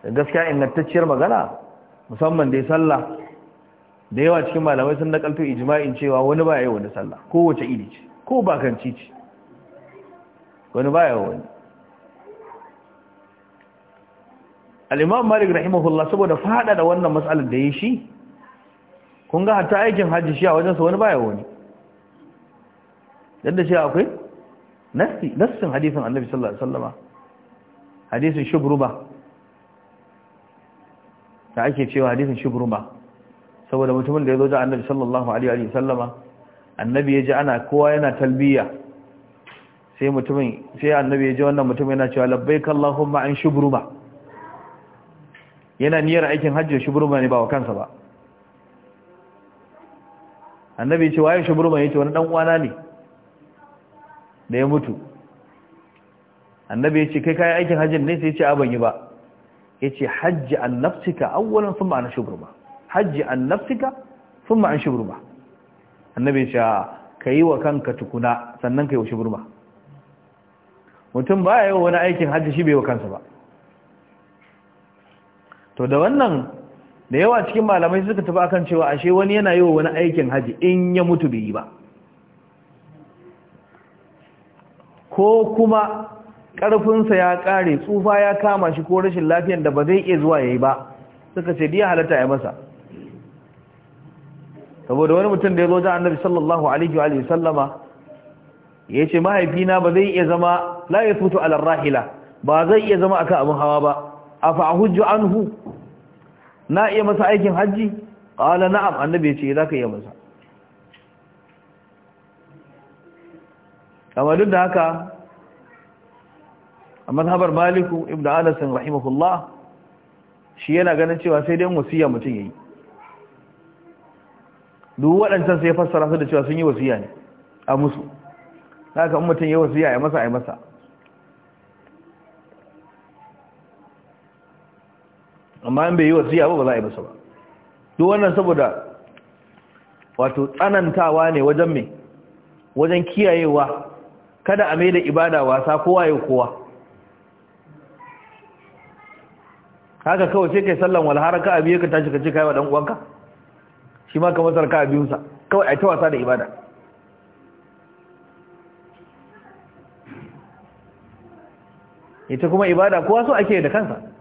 S1: gaskiya ingantacciyar magana musamman dai sallah da yawa cikin malamai sun nakalto ijma'in cewa wani baya yi wani sallah kowace iri ce ko bakanci ce wani baya wani al'imam malik rahimahullah saboda faɗaɗa wannan matsalar da ya shi kun ga hatta aikin hajji shi a wajensa wani baya wani yadda shi akwai nassin hadisin annabi sallallahu alaihi wasallama hadisin shubruba da ake cewa hadisin shubruba saboda mutumin da ya zo ji annabi sallallahu alaihi wasallama annabi ya ji ana kowa yana talbiya sai mutumin sai annabi ya ji wannan mutumin yana cewa labbaik allahumma an shubruba yana niyyar aikin hajji da shuburma ne ba wa kansa ba annabi ce waye shuburma ce wani dan uwana ne da ya mutu annabi ce kai kai aikin hajji ne sai ce a ban yi ba Ya ce hajji an nafsika awwalan ma'ana an shuburma hajji an nafsika ma'ana an shuburma annabi ce ka yi wa kanka tukuna sannan ka yi wa shuburma mutum ba ya yi wani aikin hajji shi bai wa kansa ba to da wannan da yawa cikin malamai suka tafi akan cewa ashe wani yana yi wa wani aikin haji in ya mutu bai yi ba ko kuma ƙarfinsa ya ƙare tsufa ya kama shi ko rashin lafiyan da ba zai iya zuwa ya yi ba suka ce diya halatta ya masa saboda wani mutum da ya zo da annabi sallallahu alaihi wa sallama ya ce mahaifina ba zai iya zama la ya fito alar rahila ba zai iya zama akan abin hawa ba A fa’ahujju hujju anhu na iya masa aikin hajji qala na'am annabi ce za ka iya masa amma duk da haka a mazhabar maliku ibn anas rahimahullah shi yana ganin cewa sai dai wasiya mutum ya yi. duk waɗancan sai fassara su da cewa sun yi wasiya ne a musu haka in mutum ya wasiya ya masa a ya masa amma an bai yi wasiya ba ba za a yi masa ba duk wannan saboda wato tsanantawa ne wajen mai wajen kiyayewa kada a mai da ibada wasa kowa ya kowa haka kawai sai kai sallan walhara ka a biye ka tashi ka ce kai wa dan uwanka shi ma kamar sarka a sa kawai a ta wasa da ibada ita kuma ibada kowa so ake da kansa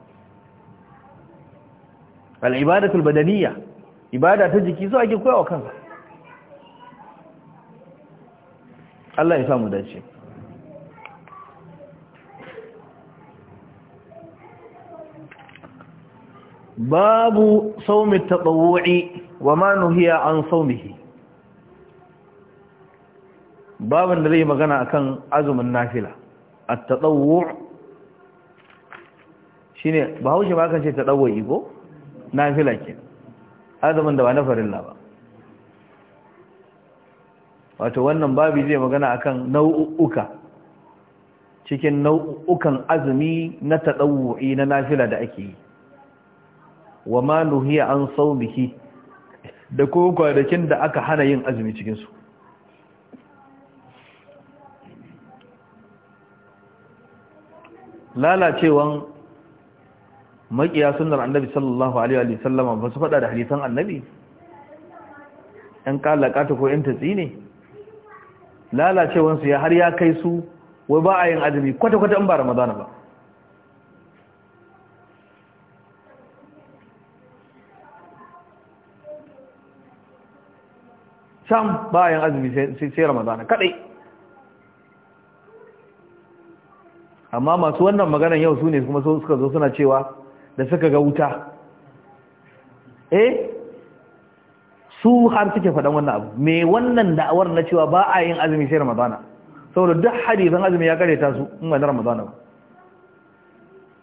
S1: al'ibadatul badaniya ibada ta jiki zuwa ake wa kansa Allah ya samu dace babu saumi tatawu'i wa ma nuhiya an saumihi babin da zai magana akan azumin nafila at-tatawwu' shine bahaushe ba kan ce tatawwi ko nafila ke azumin da ba na farilla ba wato wannan babu zai magana akan nau'uka cikin nau'ukan azumi na taɗawu'i na nafila da ake yi wa ma nuhiya an saumihi da ko kwanakin da aka hana yin azumi cikinsu lalacewan makiya sunar annabi sallallahu alaihi wa sallama ba su faɗa da hadisan annabi ‘yan kalakata ko ‘yan tatsi ne lalacewansu ya har ya kai su wai ba a yin azumi kwata-kwata in ba ramadana ba sam ba a yin azumi sai ramadana kadai amma masu wannan maganan yau su ne kuma suka zo suna cewa da suka ga wuta eh su har suke faɗan wannan abu me wannan da'awar na cewa ba a yin azumi sai ramadana saboda duk hadisan azumi ya kare ta su in ramadana ba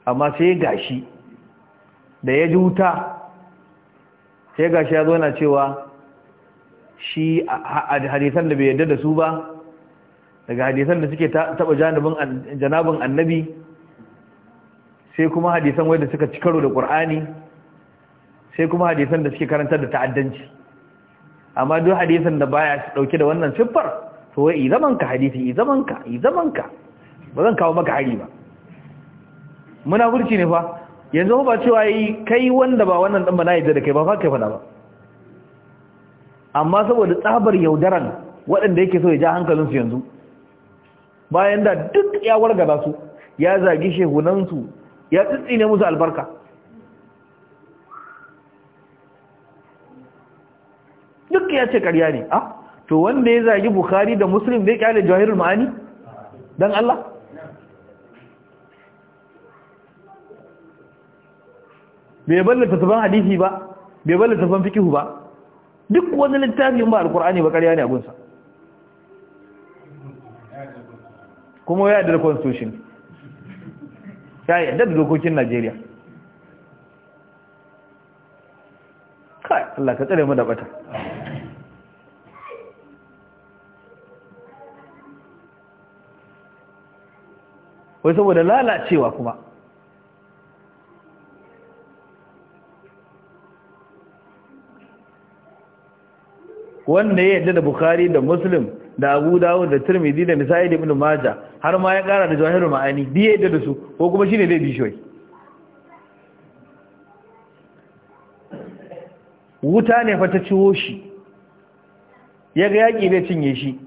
S1: amma sai gashi da ya ji wuta sai gashi ya zo yana cewa shi hadisan da bai yarda da su ba daga hadisan da suke taba janabin annabi sai kuma hadisan wanda suka ci karo da qur'ani sai kuma hadisan da suke karantar da ta'addanci amma duk hadisan da baya dauke da wannan siffar to wai zaman ka hadisi zaman ka zaman ka ba zan kawo maka hari ba muna burci ne fa yanzu ba cewa yi kai wanda ba wannan dan ba na yadda da kai ba fa kai fada ba amma saboda tsabar yaudaran waɗanda yake so ya ja hankalin su yanzu bayan da duk ya wargaza su ya zagi shehunansu ya tsitsine musu albarka duk ya ce karya ne a ah, to wanda ya zagi bukhari da muslim zai kyale jahirul ma'ani don Allah bai balle tafan hadisi ba bai balle tafan fikihu ba duk wani littafin ba alkur'ani ba ƙarya ne a gunsa kuma ya da constitution ya yadda da dokokin najeriya kai Allah ka tsare mu da bata wai saboda lalacewa kuma wanda ya yarda da Bukhari da muslim da abu dawud da tirmidhi da nisa'i da ibn maja har ma ya kara da jawahirul ma'ani diye da su ko kuma shine zai bi shi wuta ne fa ta ciwo shi ya ga yaƙi bai cinye shi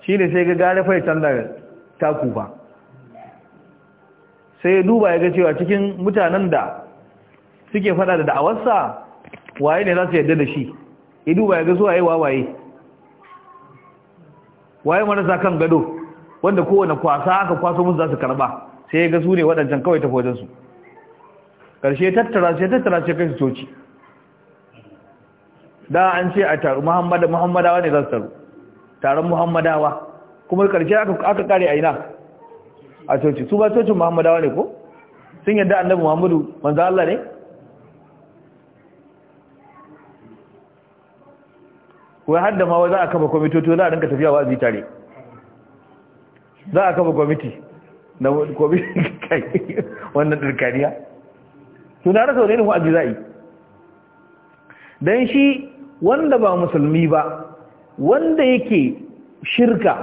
S1: shi ne sai ga gane fai canza taku ba sai ya duba ya ga cewa cikin mutanen da suke fada da da'awarsa waye ne za su yadda da shi ya duba ya ga zuwa yi wawaye waye sa kan gado wanda kowane kwasa aka kwaso musu za su karba sai ga su ne waɗancan kawai tafi wajensu ƙarshe tattara sai tattara sai kai su coci da an ce a taru muhammadawa ne za su taru taron muhammadawa kuma ƙarshe aka kare a ina a coci su ba cocin muhammadawa ne ko sun yadda annabi muhammadu manzo Allah ne Wa har da ma wai za a kafa kwamitoto za a rinka tafiya wa'azi tare za a kafa kwamiti na kwamiti kai wannan ɗarkaniya to na rasa wani irin wa'azi za'i. Dan shi wanda ba musulmi ba wanda yake shirka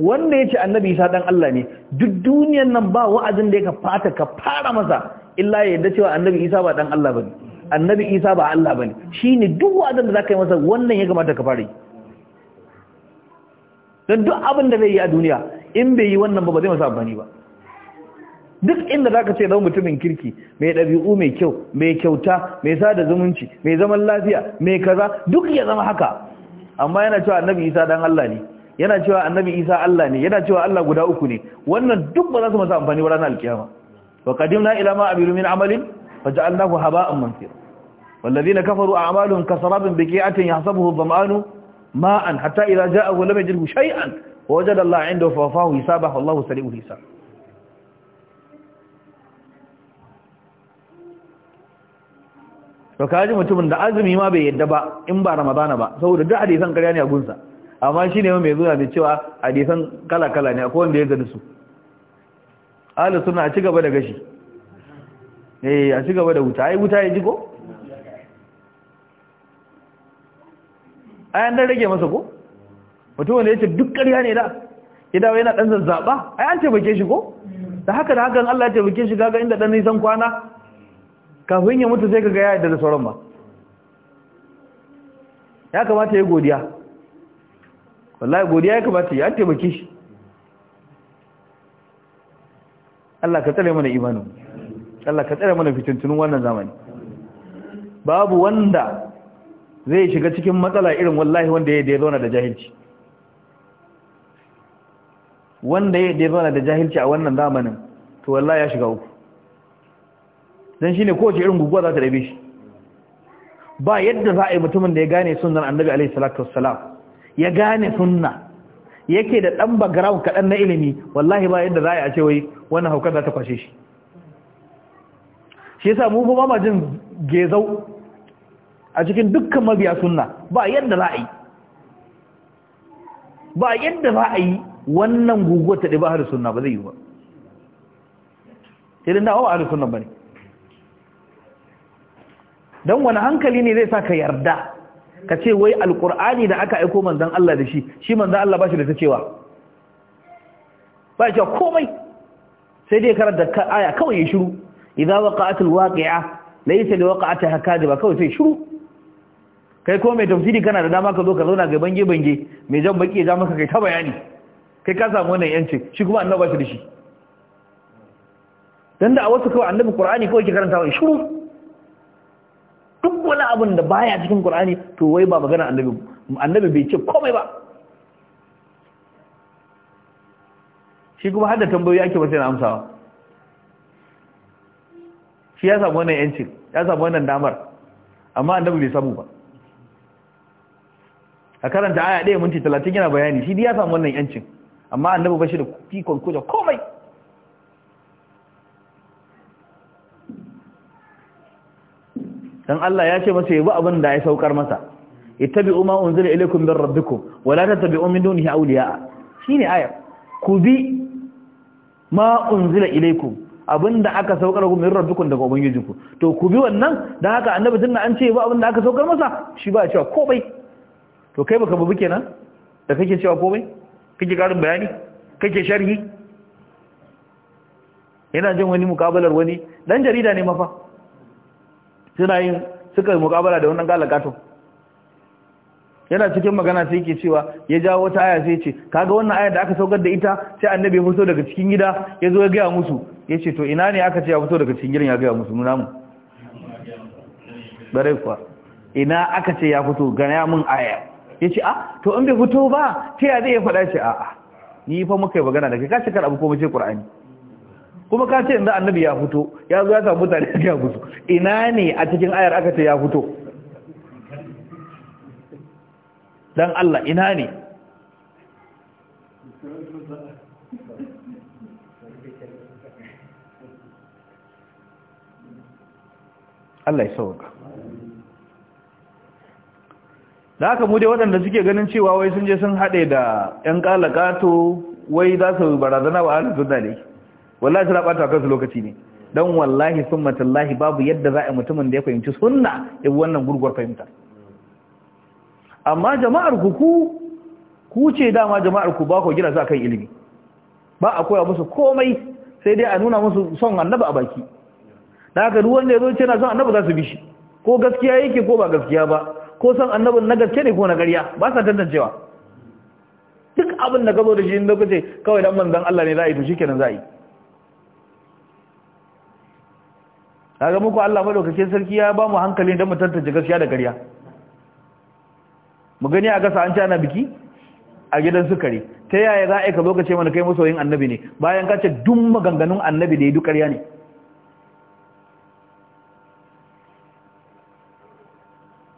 S1: wanda ya ce annabi isa dan Allah ne duk duniyan nan ba wa'azin da ya fata ka fara masa illa ya yadda cewa annabi isa ba dan Allah ba ne annabi isa ba Allah ba ne. Shi ne duk wa'azin da ka yi masa wannan ya kamata ka fara yi don duk abin da zai yi a duniya in bai yi wannan ba ba zai masa amfani ba duk inda za ka ce zama mutumin kirki mai ɗabi'u mai kyau mai kyauta mai sada zumunci mai zaman lafiya mai kaza duk ya zama haka amma yana cewa annabi isa dan Allah ne yana cewa annabi isa Allah ne yana cewa Allah guda uku ne wannan duk ba za su masa amfani ba ranar alkiyama wa kadimna ila ma abiru min amalin faj'alnahu haba'an mansira والذين كفروا أعمالهم كسراب بكيعة يحسبه الظمآن ماء حتى إذا جاءه لم يجده شيئا ووجد الله عنده فوفاه حسابه والله سريع الحساب to kaji mutumin da azumi ma bai yadda ba in ba ramadana ba saboda duk hadisan ƙarya ne a gunsa amma shi ne mai zuwa da cewa hadisan kala-kala ne akwai wanda ya gani su ahli suna a ci gaba da gashi eh a ci gaba da wuta ai wuta ya ji ko ai an dan rage masa ko mutum wanda yace duk ƙarya ne da idan wai yana dan zazzaba ai an taimake shi ko da haka da hakan Allah ya taimake shi kaga inda dan nisan kwana kafin ya mutu sai kaga ya yadda da sauran ba ya kamata ya godiya wallahi godiya ya kamata ya taimake shi Allah ka tsare mana imanin Allah ka tsere mana fitintunun wannan zamani babu wanda zai shiga cikin matsala irin wallahi wanda ya dai zauna da jahilci wanda ya dai zauna da jahilci a wannan zamanin to wallahi ya shiga uku dan shine kowace irin guguwa za ta rabe shi ba yadda za a yi mutumin da ya gane sunnar annabi alaihi salatu wassalam ya gane sunna yake da dan background kadan na ilimi wallahi ba yadda za a yi a ce wai wannan hauka za ta kwashe shi shi yasa mu kuma ma jin gezau a cikin dukkan mabiya sunna ba yadda za a yi ba yadda za a yi wannan guguwar ta ɗiba harin sunna ba zai yi ba idan na hawa harin sunna ba ne don wani hankali ne zai sa ka yarda ka ce wai alkur'ani da aka aiko manzan Allah da shi shi manzan Allah ba shi da ta cewa ba shi komai sai dai karanta aya kawai ya shiru idza waqa'at alwaqi'a laysa liwaqa'atiha kadiba kawai sai shiru kai ko mai tafsiri kana da dama ka zo ka zauna ga bange bange mai jan baki ya maka kai ta bayani kai ka samu wannan yanci. shi kuma annabi ba shi da shi dan da a wasu kawai annabi qur'ani kawai ke karanta wai shiru duk wani abin da baya cikin qur'ani to wai ba magana annabi annabi bai ce komai ba shi kuma hadda tambayoyi ake ba sai na amsawa shi ya samu wannan yancin ya samu wannan damar amma annabi bai samu ba a karanta aya ɗaya minti talatin yana bayani shi ya samu wannan yancin amma annabi ba shi da fikon kuja komai dan Allah ya ce masa yabi abin da ya saukar masa ittabi'u ma unzila ilaykum min rabbikum wa la tattabi'u min dunihi awliya shine ayar ku bi ma unzila ilaykum abinda aka saukar ku min rabbikum daga ubangijinku to ku bi wannan dan haka annabi tunna an ce ba abinda aka saukar masa shi ba cewa komai to kai baka babu kenan da kake cewa komai kake karin bayani kake sharhi yana jin wani mukabalar wani dan jarida ne mafa suna yin suka mukabala da wannan galakato yana cikin magana sai yake cewa ya jawo wata aya sai ce kaga wannan aya da aka saukar da ita sai annabi ya fito daga cikin gida ya zo ya gaya musu ya ce to ina ne aka ce ya fito daga cikin gidan ya gaya musu nuna mun ɓarai kuwa ina aka ce ya fito gana mun aya ya ce a ah, to in bai fito ba ta ya zai ya faɗa shi? a'a ni fa muka yi magana da kai ka cikar abu ko ce ƙur'ani kuma ka ce inda annabi ya fito ya zo ya samu mutane ya musu ina ne a cikin ayar aka ce ya fito dan Allah ina ne Allah ya sauka da haka mu dai waɗanda suke ganin cewa wai sun je sun haɗe da 'yan ƙalaƙato wai za su barazana wa ahalin sunna ne wallahi suna ɓata kansu lokaci ne don wallahi sun matallahi babu yadda za a mutumin da ya fahimci sunna ya bi wannan gurguwar fahimta amma jama'ar ku ku ce dama jama'ar ku ba ku gina su kan ilimi ba a koya musu komai sai dai a nuna musu son annaba a baki da haka duk wanda ya zo yana son annaba za su bi shi ko gaskiya yake ko ba gaskiya ba ko son annabin na gaske ne ko na ƙarya ba sa tantancewa duk abin da ka zo da shi inda kace kawai dan manzon Allah ne za a yi to shikenan za a yi kaga muku Allah madaukakin sarki ya ba mu hankali dan mu tantance gaskiya da ƙarya mu gani a gasa an ci ana biki a gidan sukari ta yaya za a yi ka zo ka ce mana kai masoyin annabi ne bayan ka ce duk maganganun annabi da ya dukar ya ne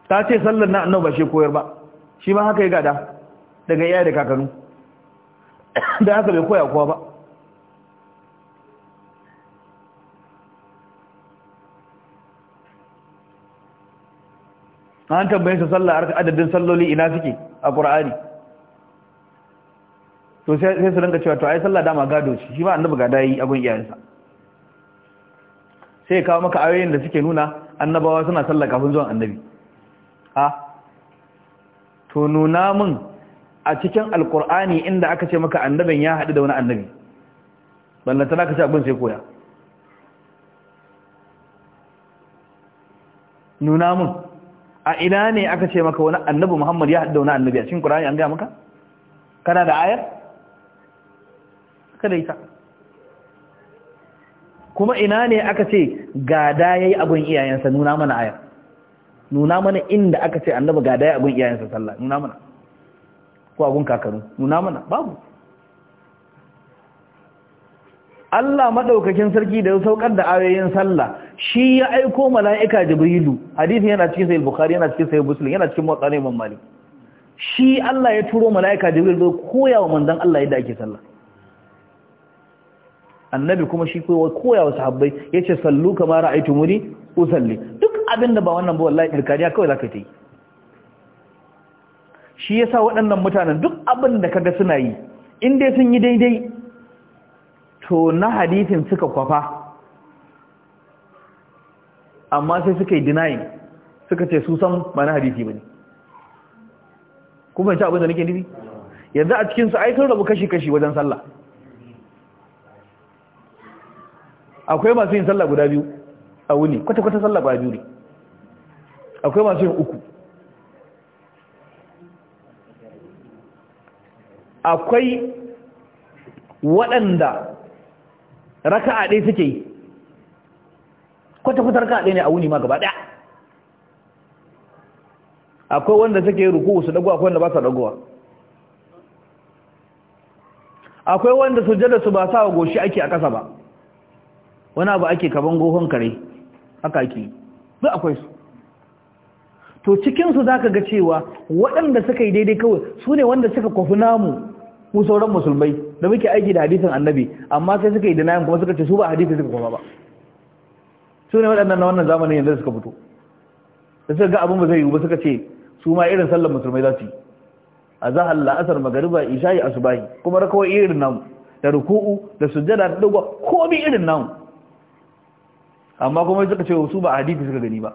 S1: ta ce sallar na annabi ba shi koyar ba shi ma haka ya gada daga iyaye da kakannu da haka bai koya kuwa ba an tambayin su sallar adadin salloli ina suke a ƙur'ani to sai su rinka cewa to ai sallah dama gado shi shi ba annabi ga yi abun iyayensa sai kawo maka ayoyin da suke nuna annabawa suna sallah kafin zuwan annabi a to nuna mun a cikin alqur'ani inda aka ce maka annabin ya haɗu da wani annabi balla tana ka ce abun sai koya nuna mun a ina ne aka ce maka wani annabi muhammad ya haɗu da wani annabi a cikin ƙur'ani an gaya maka kana da ayar suka daita kuma ina ne aka ce gada ya yi abin iyayensa nuna mana aya nuna mana inda aka ce annaba gada ya yi abin iyayensa sallah nuna mana ko abin kakaru nuna mana babu Allah maɗaukakin sarki da ya saukar da ayoyin sallah shi ya aiko mala'ika Jibrilu hadisi yana cikin sayi Bukhari yana cikin sayi Muslim yana cikin Muwatta Imam Malik shi Allah ya turo mala'ika jibrilu ko koya wa manzon Allah yadda ake sallah annabi kuma shi koya wa sahabbai ce sallu kama muni usalli duk abin da ba wannan ba wallahi irkaniya kawai zaka yi shi yasa waɗannan mutanen duk abin da kaga suna yi in dai sun yi daidai to na hadisin suka kwafa amma sai suka yi denying suka ce su san ba na hadisi bane kuma ci abin da nake nufi yanzu a cikin su ai sun rabu kashi kashi wajen sallah akwai masu yin sallah guda biyu a wuni kwata-kwata sallah ba biyu ne akwai masu yin uku akwai waɗanda raka a ɗaya suke yi kwata-kwata raka a ɗaya ne a wuni ma gaba ɗaya akwai wanda suke yi ruku su dagowa akwai wanda ba su dagowa akwai wanda su jada su ba sa wa goshi ake a ƙasa ba wani abu ake kaban gohon kare haka ake ba akwai su to cikinsu za ka ga cewa waɗanda suka yi daidai kawai su ne wanda suka kwafi namu mu sauran musulmai da muke aiki da hadisin annabi amma sai suka yi da nayin kuma suka ce su ba hadisi suka kwafa ba su ne waɗannan na wannan zamanin yanzu suka fito da suka ga abin ba zai yi ba suka ce su ma irin sallar musulmai za su yi a zahar la'asar magariba isha'i asubahi kuma rakawai irin namu da ruku'u da sujjada da dogon komi irin namu amma kuma suka ce su ba hadisi suka gani ba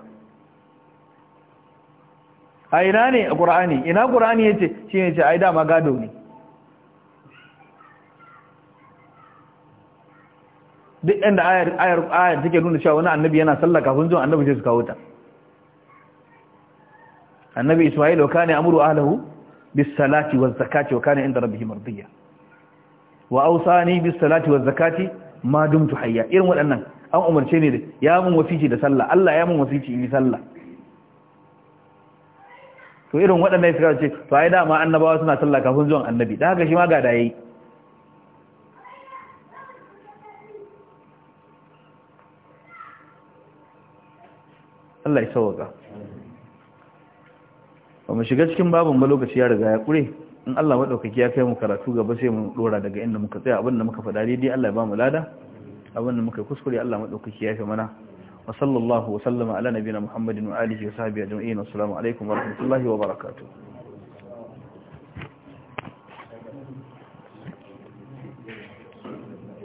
S1: a ina ne a ƙura'ani ina ƙura'ani ya ce shi ne ce ai dama gado ne duk yadda ayar ayar take nuna cewa wani annabi yana sallaka, kafin zuwa annabi sai su kawo ta annabi isma'il wa kane amuru ahlihi bis salati wa zakati wa kane inda rabbih mardiya wa awsani bis salati wa zakati ma dumtu hayya irin waɗannan an umarce ni da ya mun wasici da sallah Allah ya mun wasici yi sallah to irin waɗannan suka ce to ai dama annabawa suna sallah kafin zuwan annabi da haka shi ma ga da yayi Allah ya sauka ba mu shiga cikin babin ba lokaci ya riga ya kure in Allah maɗaukaki ya kai mu karatu gaba sai mu ɗora daga inda muka tsaya abinda muka faɗa daidai Allah ya ba mu lada abin da muka kuskure Allah maɗaukaki ya fi mana wa sallallahu wa sallama ala muhammadin wa alihi wa sahbihi ajma'in assalamu alaikum wa rahmatullahi wa barakatuh